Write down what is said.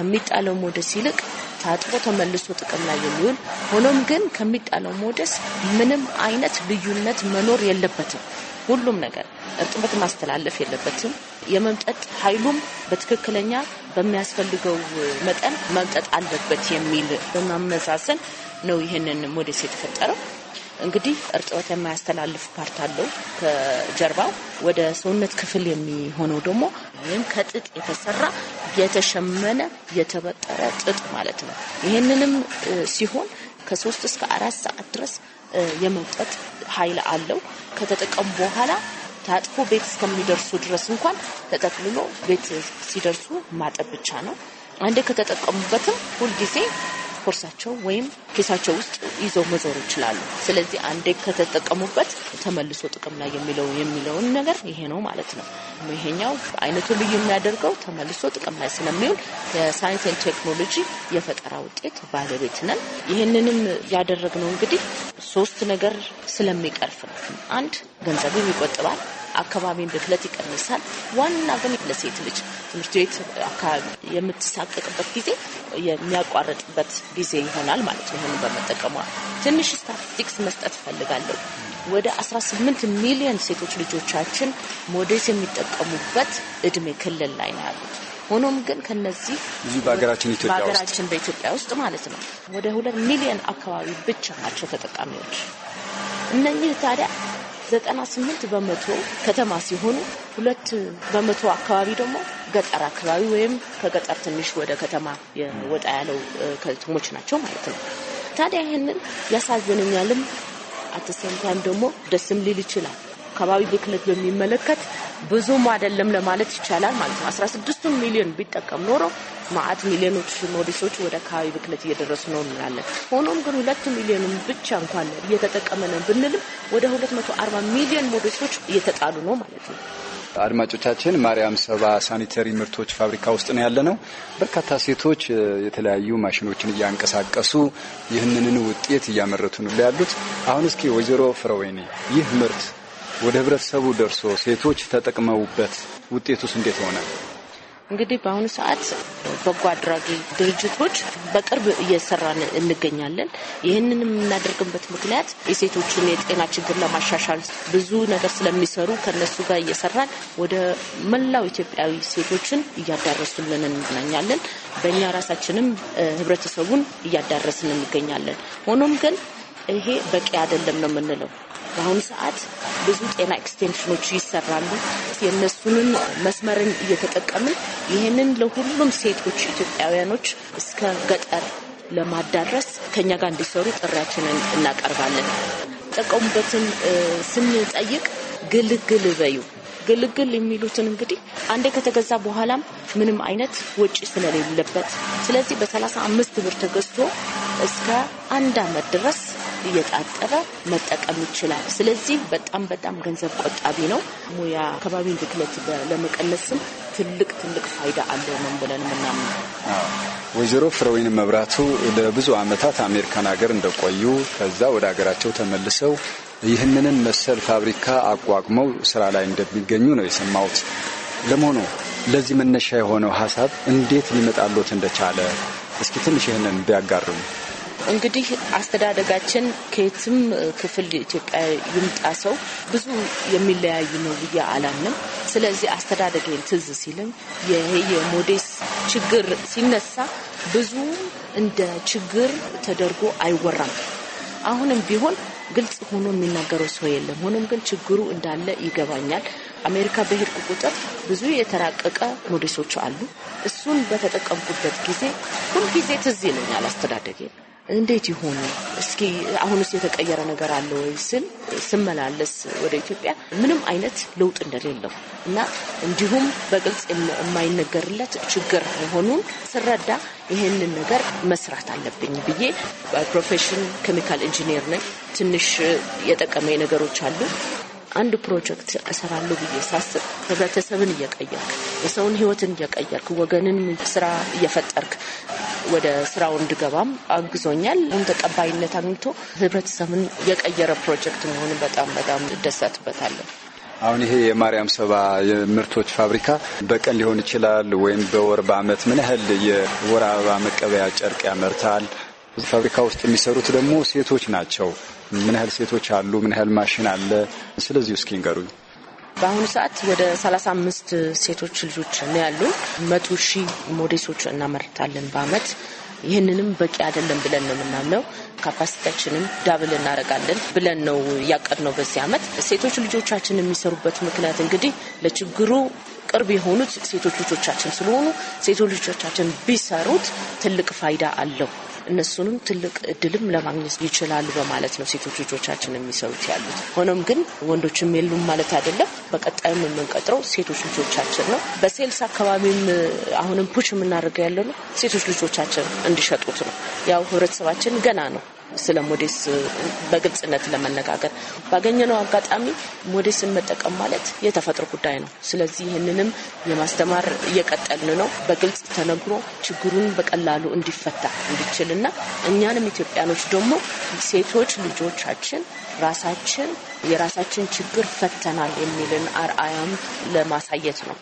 ከሚጣለው ሞደስ ይልቅ ታጥቦ ተመልሶ ጥቅም ላይ የሚውል ሆኖም ግን ከሚጣለው ሞደስ ምንም አይነት ልዩነት መኖር የለበትም። ሁሉም ነገር እርጥበት ማስተላለፍ የለበትም። የመምጠጥ ኃይሉም በትክክለኛ በሚያስፈልገው መጠን መምጠጥ አለበት የሚል በማመሳሰል ነው ይህንን ሞዴስ የተፈጠረው። እንግዲህ እርጥበት የማያስተላልፍ ፓርት አለው ከጀርባው ወደ ሰውነት ክፍል የሚሆነው ደግሞ ወይም ከጥጥ የተሰራ የተሸመነ የተበጠረ ጥጥ ማለት ነው። ይህንንም ሲሆን ከሶስት እስከ አራት ሰዓት ድረስ የመውጠጥ ኃይል አለው። ከተጠቀሙ በኋላ ታጥፎ ቤት እስከሚደርሱ ድረስ እንኳን ተጠቅልሎ ቤት ሲደርሱ ማጠብ ብቻ ነው። አንዴ ከተጠቀሙበትም ሁልጊዜ ፎርሳቸው ወይም ኬሳቸው ውስጥ ይዘው መዞር ይችላሉ። ስለዚህ አንዴ ከተጠቀሙበት ተመልሶ ጥቅም ላይ የሚለው የሚለውን ነገር ይሄ ነው ማለት ነው። ይሄኛው አይነቱ ልዩ የሚያደርገው ተመልሶ ጥቅም ላይ ስለሚውል የሳይንስን ቴክኖሎጂ የፈጠራ ውጤት ባለቤት ነን። ይህንንም ያደረግነው እንግዲህ ሶስት ነገር ስለሚቀርፍ ነው። አንድ ገንዘብም ይቆጥባል። አካባቢን ብክለት ይቀንሳል። ዋና ግን ለሴት ልጅ ትምህርት ቤት አካባቢ የምትሳቀቅበት ጊዜ የሚያቋርጥበት ጊዜ ይሆናል ማለት ነው። ይህንን በመጠቀሟ ትንሽ ስታቲስቲክስ መስጠት እፈልጋለሁ። ወደ 18 ሚሊዮን ሴቶች ልጆቻችን ሞዴስ የሚጠቀሙበት እድሜ ክልል ላይ ነው ያሉት። ሆኖም ግን ከነዚህ በሀገራችን በኢትዮጵያ ውስጥ ማለት ነው ወደ ሁለት ሚሊዮን አካባቢ ብቻ ናቸው ተጠቃሚዎች። እነኚህ ታዲያ ዘጠና ስምንት በመቶ ከተማ ሲሆኑ ሁለት በመቶ አካባቢ ደግሞ ገጠር አካባቢ ወይም ከገጠር ትንሽ ወደ ከተማ የወጣ ያለው ከተሞች ናቸው ማለት ነው። ታዲያ ይህንን ያሳዝነኛልም አተሰንታም ደግሞ ደስም ሊል ይችላል። አካባቢ ብክለት በሚመለከት ብዙም አይደለም ለማለት ይቻላል ማለት ነው። አስራ ስድስቱን ሚሊዮን ቢጠቀም ኖሮ ማአት ሚሊዮኖች ሞዴሶች ወደ አካባቢ ብክለት እየደረሱ ነው እንላለን። ሆኖም ግን ሁለት ሚሊዮን ብቻ እንኳን እየተጠቀመ ነው ብንልም ወደ ሁለት መቶ አርባ ሚሊዮን ሞዴሶች እየተጣሉ ነው ማለት ነው። አድማጮቻችን ማርያም ሰባ ሳኒተሪ ምርቶች ፋብሪካ ውስጥ ነው ያለ ነው። በርካታ ሴቶች የተለያዩ ማሽኖችን እያንቀሳቀሱ ይህንን ውጤት እያመረቱ ነው ያሉት። አሁን እስኪ ወይዘሮ ፍረወይኔ ይህ ምርት ወደ ህብረተሰቡ ደርሶ ሴቶች ተጠቅመውበት ውጤቱስ እንዴት ሆናል? እንግዲህ በአሁኑ ሰዓት በጎ አድራጊ ድርጅቶች በቅርብ እየሰራን እንገኛለን። ይህንን የምናደርግበት ምክንያት የሴቶችን የጤና ችግር ለማሻሻል ብዙ ነገር ስለሚሰሩ ከነሱ ጋር እየሰራን ወደ መላው ኢትዮጵያዊ ሴቶችን እያዳረሱልን እንገኛለን። በእኛ ራሳችንም ህብረተሰቡን እያዳረስን እንገኛለን። ሆኖም ግን ይሄ በቂ አይደለም ነው የምንለው በአሁኑ ሰዓት ብዙ ጤና ኤክስቴንሽኖች ይሰራሉ። የእነሱንን መስመርን እየተጠቀምን ይህንን ለሁሉም ሴቶች ኢትዮጵያውያኖች እስከ ገጠር ለማዳረስ ከኛ ጋር እንዲሰሩ ጥሪያችንን እናቀርባለን። ጠቀሙበትን ስንጠይቅ ግልግል በዩ ግልግል የሚሉትን እንግዲህ አንዴ ከተገዛ በኋላም ምንም አይነት ወጪ ስለሌለበት ስለዚህ በሰላሳ አምስት ብር ተገዝቶ እስከ አንድ አመት ድረስ እየጣጠበ መጠቀም ይችላል። ስለዚህ በጣም በጣም ገንዘብ ቆጣቢ ነው። ሙያ አካባቢን ብክለት ለመቀነስም ትልቅ ትልቅ ፋይዳ አለው ነው ብለን የምናምነው። ወይዘሮ ፍረወይን መብራቱ ለብዙ ዓመታት አሜሪካን ሀገር እንደቆዩ ከዛ ወደ ሀገራቸው ተመልሰው ይህንንን መሰል ፋብሪካ አቋቁመው ስራ ላይ እንደሚገኙ ነው የሰማሁት። ለመሆኑ ለዚህ መነሻ የሆነው ሀሳብ እንዴት ሊመጣሎት እንደቻለ እስኪ ትንሽ ይህንን ቢያጋርሙ። እንግዲህ አስተዳደጋችን ከየትም ክፍል ኢትዮጵያ ይምጣ ሰው ብዙ የሚለያይ ነው ብዬ አላምንም። ስለዚህ አስተዳደጌን ትዝ ሲልም ይሄ የሞዴስ ችግር ሲነሳ ብዙ እንደ ችግር ተደርጎ አይወራም። አሁንም ቢሆን ግልጽ ሆኖ የሚናገረው ሰው የለም። ሆኖም ግን ችግሩ እንዳለ ይገባኛል። አሜሪካ በሄድኩ ቁጥር ብዙ የተራቀቀ ሞዴሶች አሉ። እሱን በተጠቀምኩበት ጊዜ ሁልጊዜ ትዝ ይለኛል አስተዳደጌ እንዴት ይሆኑ እስኪ አሁንስ የተቀየረ ነገር አለ ወይ ስል ስመላለስ ወደ ኢትዮጵያ ምንም አይነት ለውጥ እንደሌለው እና እንዲሁም በግልጽ የማይነገርለት ችግር መሆኑን ስረዳ ይህንን ነገር መስራት አለብኝ ብዬ በፕሮፌሽን ኬሚካል ኢንጂነር ነኝ። ትንሽ የጠቀመኝ ነገሮች አሉ። አንድ ፕሮጀክት እሰራለሁ ብዬ ሳስብ ህብረተሰብን እየቀየርክ የሰውን ህይወትን እየቀየርክ ወገንን ስራ እየፈጠርክ ወደ ስራው እንድገባም አግዞኛል። ሁን ተቀባይነት አግኝቶ ህብረተሰብን የቀየረ ፕሮጀክት መሆኑን በጣም በጣም እደሰትበታለሁ። አሁን ይሄ የማርያም ሰባ ምርቶች ፋብሪካ በቀን ሊሆን ይችላል ወይም በወር በአመት ምን ያህል የወር አበባ መቀበያ ጨርቅ ያመርታል? ፋብሪካ ውስጥ የሚሰሩት ደግሞ ሴቶች ናቸው። ምን ያህል ሴቶች አሉ? ምን ያህል ማሽን አለ? ስለዚህ እስኪ ንገሩኝ። በአሁኑ ሰዓት ወደ 35 ሴቶች ልጆች ነው ያሉን መቶ ሺህ ሞዴሶች እናመርታለን በአመት። ይህንንም በቂ አይደለም ብለን ነው የምናምነው። ካፓሲቲያችንም ዳብል እናደርጋለን ብለን ነው እያቀድ ነው በዚህ አመት። ሴቶች ልጆቻችን የሚሰሩበት ምክንያት እንግዲህ ለችግሩ ቅርብ የሆኑት ሴቶች ልጆቻችን ስለሆኑ ሴቶች ልጆቻችን ቢሰሩት ትልቅ ፋይዳ አለው። እነሱንም ትልቅ እድልም ለማግኘት ይችላሉ በማለት ነው ሴቶች ልጆቻችን የሚሰሩት ያሉት። ሆኖም ግን ወንዶችም የሉም ማለት አይደለም። በቀጣይም የምንቀጥረው ሴቶች ልጆቻችን ነው። በሴልስ አካባቢም አሁንም ፑች የምናደርገው ያለ ነው ሴቶች ልጆቻችን እንዲሸጡት ነው። ያው ህብረተሰባችን ገና ነው ስለ ሞዴስ በግልጽነት ለመነጋገር ባገኘነው አጋጣሚ ሞዴስን መጠቀም ማለት የተፈጥሮ ጉዳይ ነው። ስለዚህ ይህንንም የማስተማር እየቀጠልን ነው። በግልጽ ተነግሮ ችግሩን በቀላሉ እንዲፈታ እንዲችልና እኛንም ኢትዮጵያኖች ደግሞ ሴቶች ልጆቻችን ራሳችን የራሳችን ችግር ፈተናል የሚልን አርአያም ለማሳየት ነው።